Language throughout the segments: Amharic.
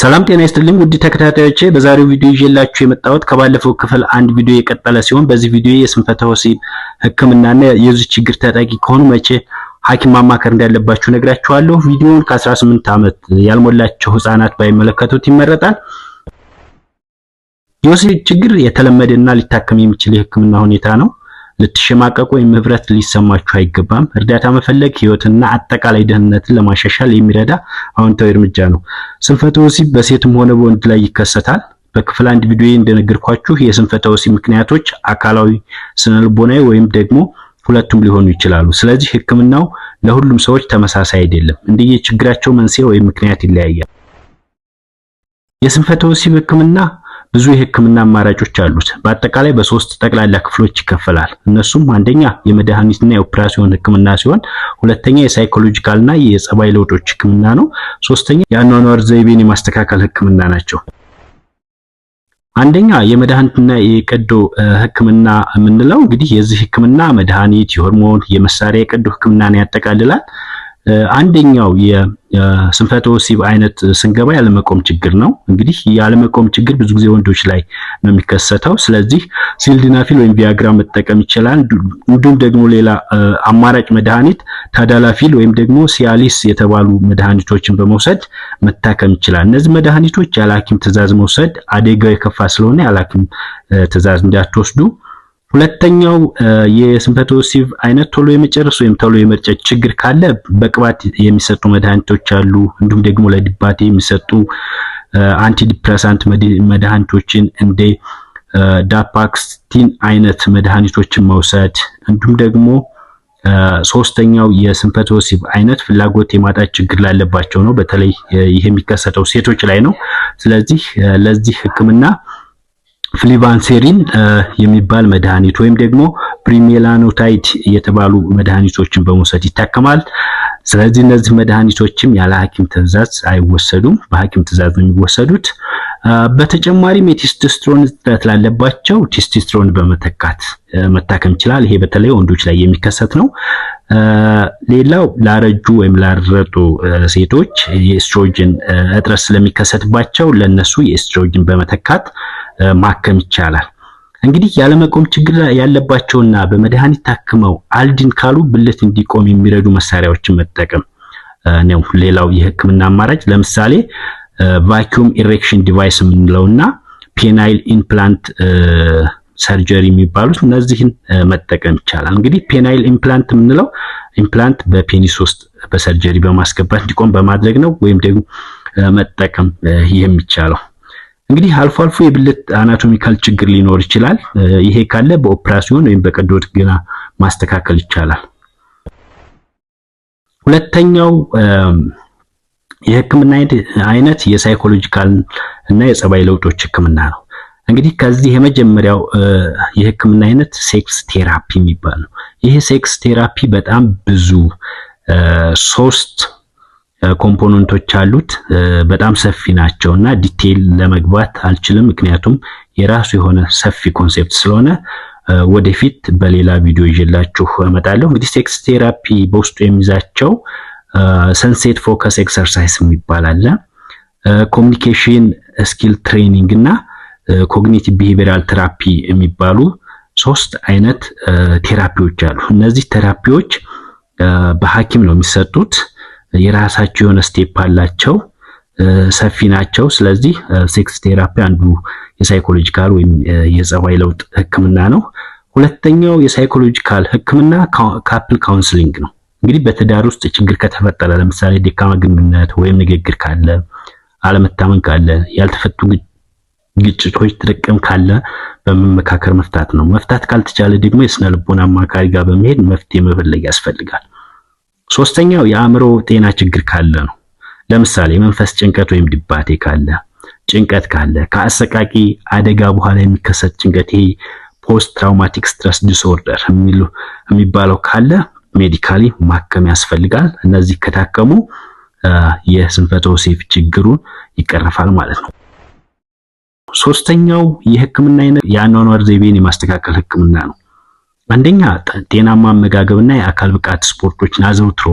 ሰላም ጤና ይስጥልኝ ውድ ተከታታዮቼ፣ በዛሬው ቪዲዮ ይዤላችሁ የመጣሁት ከባለፈው ክፍል አንድ ቪዲዮ የቀጠለ ሲሆን በዚህ ቪዲዮ የስንፈተ ወሲብ ሕክምናና የዚህ ችግር ተጠቂ ከሆኑ መቼ ሐኪም ማማከር እንዳለባችሁ ነግራችኋለሁ። ቪዲዮውን ከ18 ዓመት ያልሞላቸው ህፃናት ባይመለከቱት ይመረጣል። የወሲብ ችግር የተለመደና ሊታከም የሚችል የህክምና ሁኔታ ነው። ልትሸማቀቁ ወይም ህብረት ሊሰማችሁ አይገባም። እርዳታ መፈለግ ህይወትና አጠቃላይ ደህንነትን ለማሻሻል የሚረዳ አዎንታዊ እርምጃ ነው። ስንፈተ ወሲብ በሴትም ሆነ በወንድ ላይ ይከሰታል። በክፍል አንድ ቪዲዮ እንደነገርኳችሁ የስንፈተ ወሲብ ምክንያቶች አካላዊ፣ ስነልቦናዊ ወይም ደግሞ ሁለቱም ሊሆኑ ይችላሉ። ስለዚህ ህክምናው ለሁሉም ሰዎች ተመሳሳይ አይደለም። እንደየ ችግራቸው መንስኤ ወይም ምክንያት ይለያያል። የስንፈተ ወሲብ ህክምና ብዙ የህክምና አማራጮች አሉት። በአጠቃላይ በሶስት ጠቅላላ ክፍሎች ይከፈላል። እነሱም አንደኛ የመድኃኒትና የኦፕራሲዮን ህክምና ሲሆን፣ ሁለተኛ የሳይኮሎጂካልና የጸባይ ለውጦች ህክምና ነው። ሶስተኛ የአኗኗር ዘይቤን የማስተካከል ህክምና ናቸው። አንደኛ የመድኃኒትና የቀዶ ህክምና የምንለው እንግዲህ የዚህ ህክምና መድኃኒት፣ የሆርሞን፣ የመሳሪያ የቀዶ ህክምናን ያጠቃልላል። አንደኛው የስንፈተ ወሲብ አይነት ስንገባ ያለመቆም ችግር ነው። እንግዲህ ያለመቆም ችግር ብዙ ጊዜ ወንዶች ላይ ነው የሚከሰተው። ስለዚህ ሲልዲናፊል ወይም ቪያግራ መጠቀም ይችላል። እንዲሁም ደግሞ ሌላ አማራጭ መድኃኒት ታዳላፊል ወይም ደግሞ ሲያሊስ የተባሉ መድኃኒቶችን በመውሰድ መታከም ይችላል። እነዚህ መድኃኒቶች ያለ ሐኪም ትዕዛዝ መውሰድ አደጋው የከፋ ስለሆነ ያለ ሐኪም እንዳትወስዱ ሁለተኛው የስንፈተ ወሲብ አይነት ቶሎ የመጨረስ ወይም ቶሎ የመርጨት ችግር ካለ በቅባት የሚሰጡ መድኃኒቶች አሉ። እንዲሁም ደግሞ ለድባቴ የሚሰጡ አንቲዲፕረሳንት መድኃኒቶችን እንደ ዳፓክስቲን አይነት መድኃኒቶችን መውሰድ እንዲሁም ደግሞ ሶስተኛው የስንፈተ ወሲብ አይነት ፍላጎት የማጣት ችግር ላለባቸው ነው። በተለይ ይሄ የሚከሰተው ሴቶች ላይ ነው። ስለዚህ ለዚህ ሕክምና ፍሊቫንሴሪን የሚባል መድኃኒት ወይም ደግሞ ፕሪሜላኖታይድ የተባሉ መድኃኒቶችን በመውሰድ ይታከማል። ስለዚህ እነዚህ መድኃኒቶችም ያለ ሐኪም ትእዛዝ አይወሰዱም። በሐኪም ትእዛዝ ነው የሚወሰዱት። በተጨማሪም የቴስቶስትሮን እጥረት ላለባቸው ቴስቶስትሮን በመተካት መታከም ይችላል። ይሄ በተለይ ወንዶች ላይ የሚከሰት ነው። ሌላው ላረጁ ወይም ላረጡ ሴቶች የኤስትሮጅን እጥረት ስለሚከሰትባቸው ለነሱ የኤስትሮጅን በመተካት ማከም ይቻላል። እንግዲህ ያለመቆም ችግር ያለባቸውና በመድኃኒት ታክመው አልድን ካሉ ብልት እንዲቆም የሚረዱ መሳሪያዎችን መጠቀም ነው። ሌላው የህክምና አማራጭ ለምሳሌ ቫኪዩም ኢሬክሽን ዲቫይስ የምንለው የምንለውና ፔናይል ኢምፕላንት ሰርጀሪ የሚባሉት እነዚህን መጠቀም ይቻላል። እንግዲህ ፔናይል ኢምፕላንት የምንለው ኢምፕላንት በፔኒስ ውስጥ በሰርጀሪ በማስገባት እንዲቆም በማድረግ ነው ወይም ደግሞ መጠቀም የሚቻለው። እንግዲህ አልፎ አልፎ የብልት አናቶሚካል ችግር ሊኖር ይችላል። ይሄ ካለ በኦፕራሲዮን ወይም በቀዶ ጥገና ማስተካከል ይቻላል። ሁለተኛው የህክምና አይነት የሳይኮሎጂካል እና የጸባይ ለውጦች ህክምና ነው። እንግዲህ ከዚህ የመጀመሪያው የህክምና አይነት ሴክስ ቴራፒ የሚባል ነው። ይህ ሴክስ ቴራፒ በጣም ብዙ ሶስት ኮምፖነንቶች አሉት። በጣም ሰፊ ናቸው እና ዲቴይል ለመግባት አልችልም፣ ምክንያቱም የራሱ የሆነ ሰፊ ኮንሴፕት ስለሆነ ወደፊት በሌላ ቪዲዮ ይዤላችሁ እመጣለሁ። እንግዲህ ሴክስ ቴራፒ በውስጡ የሚይዛቸው ሰንሴት ፎከስ ኤክሰርሳይዝ የሚባል አለ። ኮሚኒኬሽን ስኪል ትሬኒንግ እና ኮግኒቲቭ ቢሄቪራል ቴራፒ የሚባሉ ሶስት አይነት ቴራፒዎች አሉ። እነዚህ ቴራፒዎች በሐኪም ነው የሚሰጡት። የራሳቸው የሆነ ስቴፕ አላቸው፣ ሰፊ ናቸው። ስለዚህ ሴክስ ቴራፒ አንዱ የሳይኮሎጂካል ወይም የጸባይ ለውጥ ህክምና ነው። ሁለተኛው የሳይኮሎጂካል ህክምና ካፕል ካውንስሊንግ ነው። እንግዲህ በትዳር ውስጥ ችግር ከተፈጠረ ለምሳሌ ደካማ ግንኙነት ወይም ንግግር ካለ፣ አለመታመን ካለ፣ ያልተፈቱ ግጭቶች ጥርቅም ካለ በመመካከር መፍታት ነው። መፍታት ካልተቻለ ደግሞ የስነ ልቦና አማካሪ ጋር በመሄድ መፍትሄ መፈለግ ያስፈልጋል። ሶስተኛው የአእምሮ ጤና ችግር ካለ ነው። ለምሳሌ የመንፈስ ጭንቀት ወይም ድባቴ ካለ፣ ጭንቀት ካለ፣ ከአሰቃቂ አደጋ በኋላ የሚከሰት ጭንቀት ይሄ ፖስት ትራውማቲክ ስትረስ ዲስኦርደር የሚባለው ካለ ሜዲካሊ ማከም ያስፈልጋል። እነዚህ ከታከሙ የስንፈተ ወሲብ ችግሩን ይቀረፋል ማለት ነው። ሶስተኛው የህክምና አይነት የአኗኗር ዘይቤን የማስተካከል ህክምና ነው። አንደኛ ጤናማ አመጋገብና የአካል ብቃት ስፖርቶችን አዘውትሮ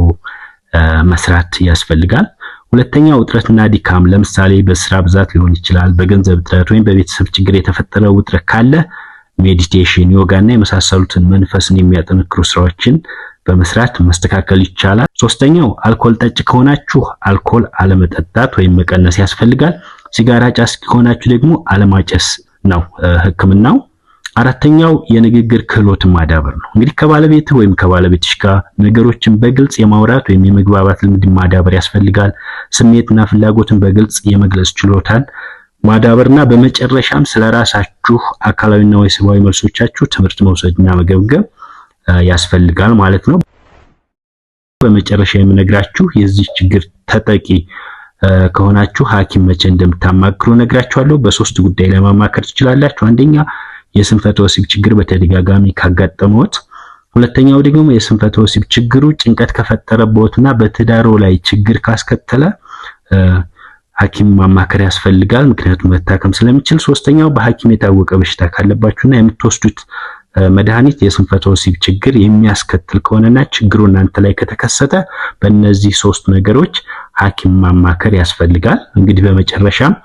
መስራት ያስፈልጋል። ሁለተኛው ውጥረትና ድካም፣ ለምሳሌ በስራ ብዛት ሊሆን ይችላል፣ በገንዘብ እጥረት ወይም በቤተሰብ ችግር የተፈጠረ ውጥረት ካለ ሜዲቴሽን፣ ዮጋና የመሳሰሉትን መንፈስን የሚያጠነክሩ ስራዎችን በመስራት መስተካከል ይቻላል። ሶስተኛው አልኮል ጠጭ ከሆናችሁ አልኮል አለመጠጣት ወይም መቀነስ ያስፈልጋል። ሲጋራ ጫስ ከሆናችሁ ደግሞ አለማጨስ ነው ሕክምናው። አራተኛው የንግግር ክህሎት ማዳበር ነው። እንግዲህ ከባለቤት ወይም ከባለቤትሽ ጋር ነገሮችን በግልጽ የማውራት ወይም የመግባባት ልምድ ማዳበር ያስፈልጋል። ስሜትና ፍላጎትን በግልጽ የመግለጽ ችሎታን ማዳበርና በመጨረሻም ስለራሳችሁ አካላዊና ወሲባዊ መልሶቻችሁ ትምህርት መውሰድና መገብገብ ያስፈልጋል ማለት ነው። በመጨረሻ የምነግራችሁ የዚህ ችግር ተጠቂ ከሆናችሁ ሐኪም መቼ እንደምታማክሩ ነግራችኋለሁ። በሶስት ጉዳይ ለማማከር ትችላላችሁ። አንደኛ የስንፈተ ወሲብ ችግር በተደጋጋሚ ካጋጠመዎት፣ ሁለተኛው ደግሞ የስንፈተ ወሲብ ችግሩ ጭንቀት ከፈጠረበትና በትዳሮ ላይ ችግር ካስከተለ ሐኪም ማማከር ያስፈልጋል፣ ምክንያቱም መታከም ስለሚችል። ሶስተኛው በሐኪም የታወቀ በሽታ ካለባችሁና የምትወስዱት መድኃኒት የስንፈተ ወሲብ ችግር የሚያስከትል ከሆነና ችግሩ እናንተ ላይ ከተከሰተ በእነዚህ ሶስት ነገሮች ሐኪም ማማከር ያስፈልጋል። እንግዲህ በመጨረሻም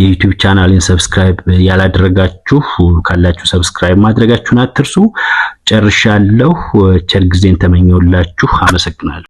የዩቲዩብ ቻናልን ሰብስክራይብ ያላደረጋችሁ ካላችሁ ሰብስክራይብ ማድረጋችሁን አትርሱ። ጨርሻለሁ። ቸር ጊዜን ተመኘውላችሁ። አመሰግናለሁ።